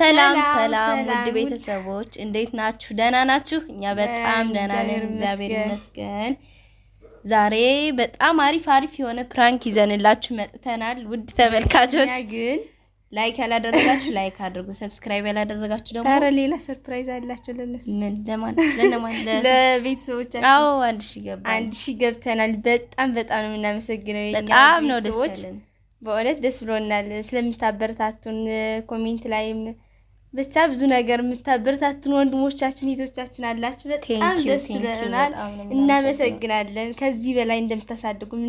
ሰላም ሰላም ውድ ቤተሰቦች እንዴት ናችሁ? ደህና ናችሁ? እኛ በጣም ደህና ነን፣ እግዚአብሔር ይመስገን። ዛሬ በጣም አሪፍ አሪፍ የሆነ ፕራንክ ይዘንላችሁ መጥተናል። ውድ ተመልካቾች ግን ላይክ ያላደረጋችሁ ላይክ አድርጉ፣ ሰብስክራይብ ያላደረጋችሁ ደግሞ ኧረ ሌላ ሰርፕራይዝ አላቸው ለነሱ። ምን ለማን ለማን ለቤተሰቦቻችን? አዎ አንድ ሺህ ገብተናል። በጣም በጣም ነው የምናመሰግነው። በጣም ነው ደስ ያለን። በእውነት ደስ ብሎናል ስለምታበረታቱን ኮሜንት ላይም ብቻ ብዙ ነገር የምታበረታቱን ወንድሞቻችን እህቶቻችን አላችሁ። በጣም ደስ ብለናል። እናመሰግናለን። ከዚህ በላይ እንደምታሳድጉም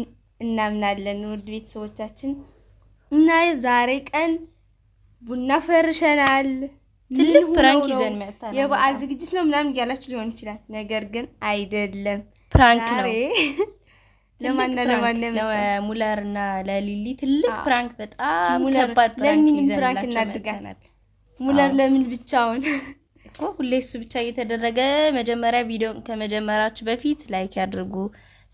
እናምናለን። ውድ ቤተሰቦቻችን እና ዛሬ ቀን ቡና ፈርሸናል። ትልቅ ፕራንክ ይዘን መጥተናል። የበዓል ዝግጅት ነው ምናምን እያላችሁ ሊሆን ይችላል፣ ነገር ግን አይደለም ፕራንክ ነው። ለማና ለማን ሙለር እና ለሊሊ ትልቅ ፕራንክ፣ በጣም ከባድ ፕራንክ ይዘናል። እናድጋናል ሙለር ለምን ብቻውን እኮ ሁሌ እሱ ብቻ እየተደረገ መጀመሪያ ቪዲዮን ከመጀመራችሁ በፊት ላይክ ያድርጉ።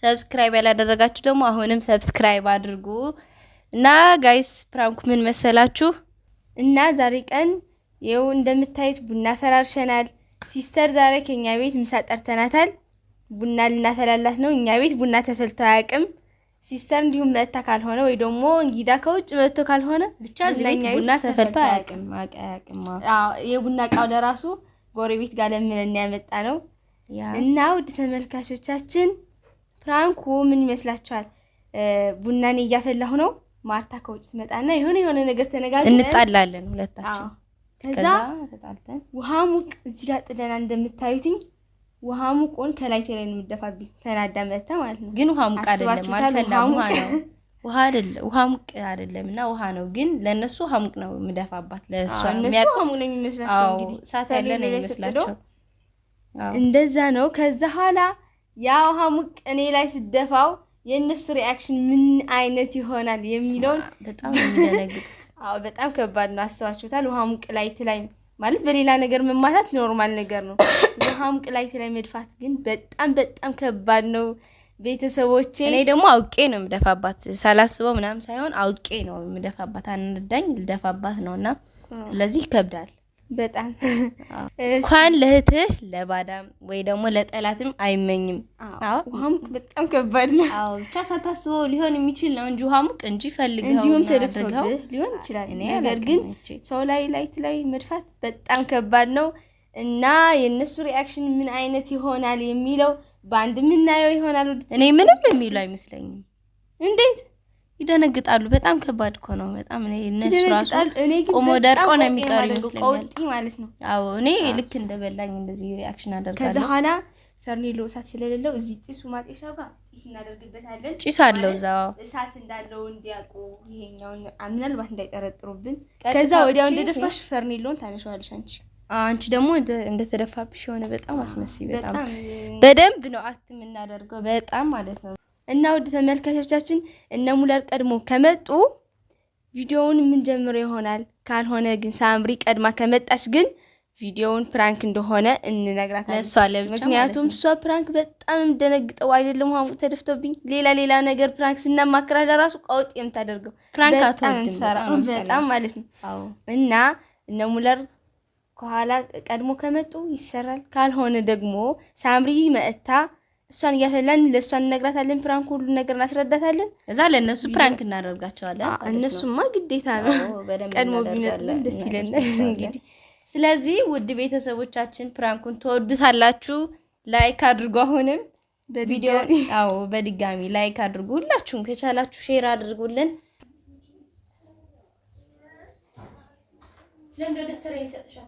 ሰብስክራይብ ያላደረጋችሁ ደግሞ አሁንም ሰብስክራይብ አድርጉ እና ጋይስ ፕራንኩ ምን መሰላችሁ? እና ዛሬ ቀን ይኸው እንደምታዩት ቡና ፈራርሸናል። ሲስተር ዛሬ ከኛ ቤት ምሳ ጠርተናታል። ቡና ልናፈላላት ነው። እኛ ቤት ቡና ተፈልቶ አያውቅም። ሲስተር እንዲሁም መጥታ ካልሆነ ወይ ደግሞ እንግዳ ከውጭ መጥቶ ካልሆነ ብቻ ዝለኛ ቡና ተፈልቶ አያውቅም አያውቅም። የቡና እቃው ለራሱ ጎረቤት ጋር ለምነን ያመጣ ነው። እና ውድ ተመልካቾቻችን ፍራንኩ ምን ይመስላችኋል? ቡናን እያፈላሁ ነው። ማርታ ከውጭ ትመጣና የሆነ የሆነ ነገር ተነጋግረን እንጣላለን ሁለታችን። ከዛ ውሃ ሙቅ እዚህ ጋር ጥለና እንደምታዩትኝ ውሃ ሙቆን ከላይ ተላይ ነው የሚደፋብኝ፣ ተናዳ መታ ማለት ነው። ግን ውሃ ሙቅ አይደለም አልፈላም። ውሃ ነው ውሃ አይደለ ውሃ ሙቅ አይደለም እና ውሃ ነው። ግን ለእነሱ ውሃ ሙቅ ነው የምደፋባት። ለእሱ የሚያውቁ ውሃ ሙቅ ነው የሚመስላቸው። እንግዲህ ሳት ያለ ነው የሚመስላቸው። እንደዛ ነው። ከዛ ኋላ ያ ውሃ ሙቅ እኔ ላይ ስደፋው የእነሱ ሪአክሽን ምን አይነት ይሆናል የሚለውን በጣም የሚደነግጡት። አዎ በጣም ከባድ ነው። አስባችሁታል? ውሃ ሙቅ ላይ ትላይ ማለት በሌላ ነገር መማታት ኖርማል ነገር ነው። ውሃም ላይ ስለመድፋት ግን በጣም በጣም ከባድ ነው። ቤተሰቦቼ እኔ ደግሞ አውቄ ነው የምደፋባት፣ ሳላስበው ምናምን ሳይሆን አውቄ ነው የምደፋባት። አንዳኝ ልደፋባት ነው እና ስለዚህ ይከብዳል። በጣም እንኳን ለእህትህ ለባዳም ወይ ደግሞ ለጠላትም አይመኝም። ውሃም በጣም ከባድ ነው። ብቻ ሳታስበው ሊሆን የሚችል ነው እንጂ ውሃ እንጂ ፈልገው እንዲሁም ተደፍተው ሊሆን ይችላል። ነገር ግን ሰው ላይ ላይት ላይ መድፋት በጣም ከባድ ነው እና የእነሱ ሪያክሽን ምን አይነት ይሆናል የሚለው በአንድ የምናየው ይሆናል። እኔ ምንም የሚሉ አይመስለኝም። እንዴት ይደነግጣሉ። በጣም ከባድ እኮ ነው። በጣም እኔ እነሱ ራሱ ቆሞ ደርቆ ነው የሚቀሩ ይመስለኛል ማለት ነው። አዎ እኔ ልክ እንደበላኝ እንደዚህ ሪአክሽን አደርጋለሁ። ከዛ ኋላ ፈርኒሎ እሳት ስለሌለው እዚህ ጢሱ ማጤሻ ጋር ጢስ እናደርግበታለን። ጭስ አለው እዛ እሳት እንዳለው እንዲያውቁ ይሄኛውን ምናልባት እንዳይጠረጥሩብን። ከዛ ወዲያው እንደደፋሽ ፈርኔሎን ታነሸዋለሽ አንቺ አንቺ ደግሞ እንደተደፋብሽ የሆነ በጣም አስመሲ በጣም በደንብ ነው አትም እናደርገው በጣም ማለት ነው። እና ውድ ተመልካቾቻችን እነ ሙለር ቀድሞ ከመጡ ቪዲዮውን የምንጀምረው ይሆናል። ካልሆነ ግን ሳምሪ ቀድማ ከመጣች ግን ቪዲዮውን ፕራንክ እንደሆነ እንነግራታለን። ምክንያቱም እሷ ፕራንክ በጣም የምደነግጠው አይደለም ሙ ተደፍቶብኝ ሌላ ሌላ ነገር ፕራንክ ስናማክራት ለራሱ ቀውጥ የምታደርገው አትወድም በጣም ማለት ነው። እና እነ ሙለር ከኋላ ቀድሞ ከመጡ ይሰራል። ካልሆነ ደግሞ ሳምሪ መእታ እሷን እያፈላን ለእሷን እነግራታለን። ፕራንክ ሁሉ ነገር እናስረዳታለን። እዛ ለእነሱ ፕራንክ እናደርጋቸዋለን። እነሱማ ግዴታ ነው፣ ቀድሞ ቢመጡልን ደስ ይለናል። እንግዲህ ስለዚህ ውድ ቤተሰቦቻችን ፕራንኩን ትወዱታላችሁ። ላይክ አድርጉ። አሁንም ቪዲዮ በድጋሚ ላይክ አድርጉ። ሁላችሁም ከቻላችሁ ሼር አድርጉልን። ለምደ ደስተራ ይሰጥሻል?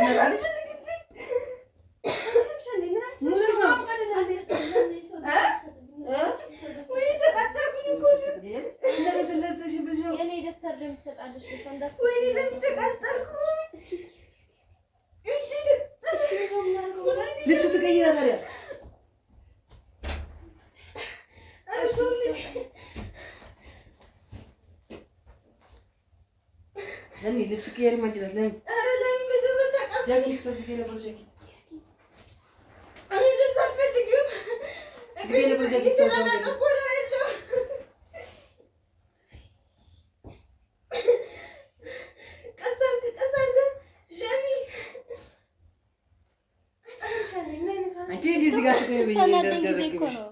Neden? ልብሱ ትቀይረ ታዲያ ለምን ልብሱ ቀየር ማንችላት ለምን ጃኬት ስለዚህ ገለበል ጃኬት እስኪ እኔ ልብስ አልፈልግም። እግሬ እየተላላጠቆ ነው ያለው። ቀሰርክ ቀሰርክ ለሚ አንቺ እዚህ ጋር ትገቢ ጊዜ እኮ ነው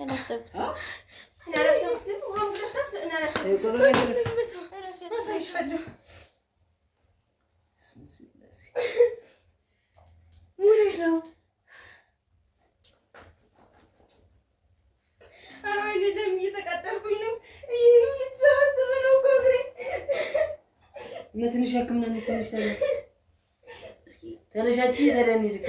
ያላሰብኩት ያላሰብኩት ያላሰብኩት ያላሰብኩት ሙነሽ ነው እየተቃጠልኩኝ ነው። እየተሰባሰበ ነው እግሬ። ትንሽ ሕክምና ተነሻች ተደን ይልክ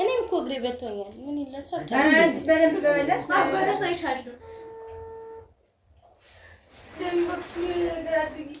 እኔም እኮ እግሬ በልቶኛል። ምን ይለሷል? በደንብ በበላሽ አበረሰይሻለሁ። አንቺ ይሄ ነው የሚያደርግልሽ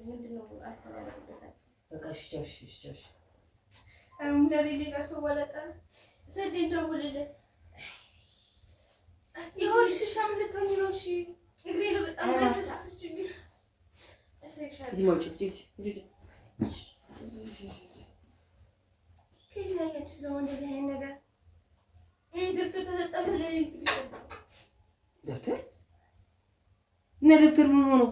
በቃሽ ቻሽ ቻሽ አሁን ዛሬ ሌላ ሰው ባላጣ ሰዴ ደውልለት ይሁን ሽሻም ልትሆኝ ነው። እሺ እግሬ ነው በጣም ያፈሰሰችብኝ። ከዚህ ላይ ያችሁ ደግሞ እንደዚህ አይነት ነገር ደብተር ተሰጠመ። ደብተር እና ደብተር ምን ሆኖ ነው?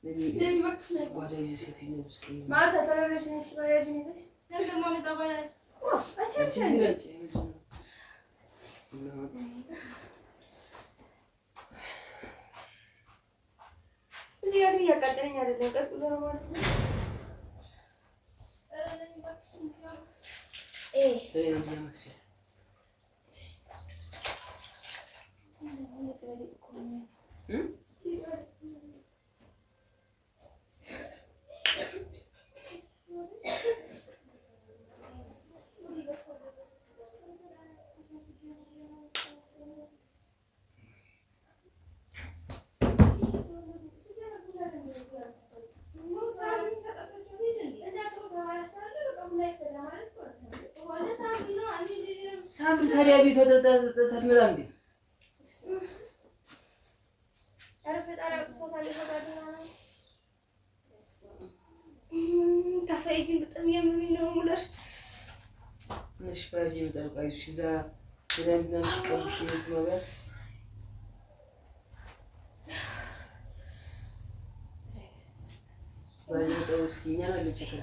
እ ታዲያ ቤቷ ታትመጣ እንዴ? ታፋይ ግን በጣም ያመመኝ ነው። ሙለር ነሽ ባጂ ምጠርቃይሽ እዛ ትናንትና ሲቀብሽ ማለት ባጂ ጠውስኪኛ ነው ልጅ ከዛ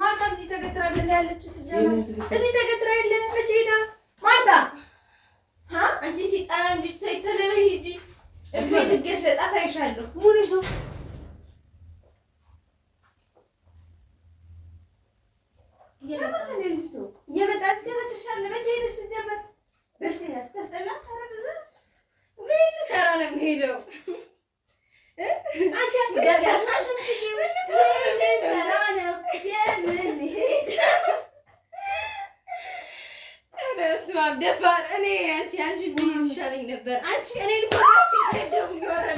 ማርታ እዚህ ተገትራ አይደለ ያለችው? የለ መቼ ሄዳ ማርታ እንጂ ሲጣላ እንጂ ተይ ሂጂ። እቤት ገሸጣ ሳይሻለሁ ሙሉሽ ነው ይሻለኝ ነበር። አንቺ እኔን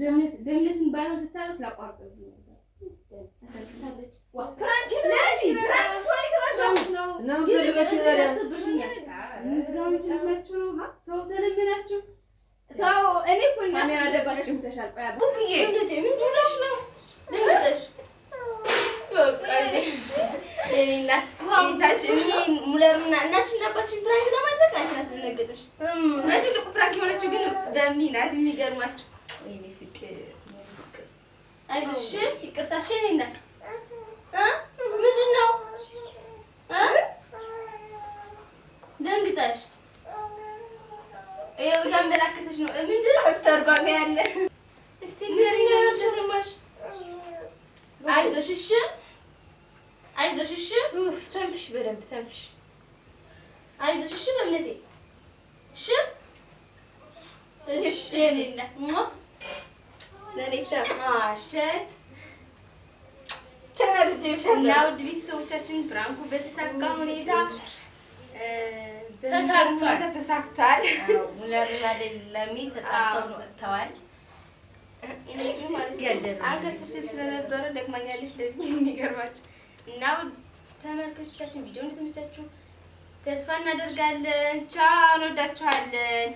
ደምነትን ባይሆን ስታደርግ ስላቋርጠው ነው ሙለርና እናትሽና አባትሽን ፕራንክ ለማድረግ አንቺን አስደነገጠሽ። በትልቁ ፕራንክ የሆነችው ግን በምኒ ናት። የሚገርማችሁ ይቅርታሽ ናት። ምንድን ነው ደንግጠሽ ያመላክተሽ ነው። ምንድን ነው አስተርጓሚ ያለ አይዞሽ እሺ፣ አይዞሽ እሺ። ኡፍ ተንፍሽ፣ በደንብ ተንፍሽ። አይዞሽ እሺ፣ በእምነቴ እሺ። እሺ ለኔና ሞ ለኔሳ ውድ ቤተሰቦቻችን ብራንኩ በተሳካ ሁኔታ ተሳክቷል ተሳክቷል። ሙለርና ለሚ ተጣጣሙ ወጥተዋል። አንከስስል ስለነበረ ደግማኛለች የሚገርማችሁ እና ተመልካቾቻችን ቪዲዮ እንደተመቻችሁ ተስፋ እናደርጋለን። ቻው፣ እንወዳችኋለን።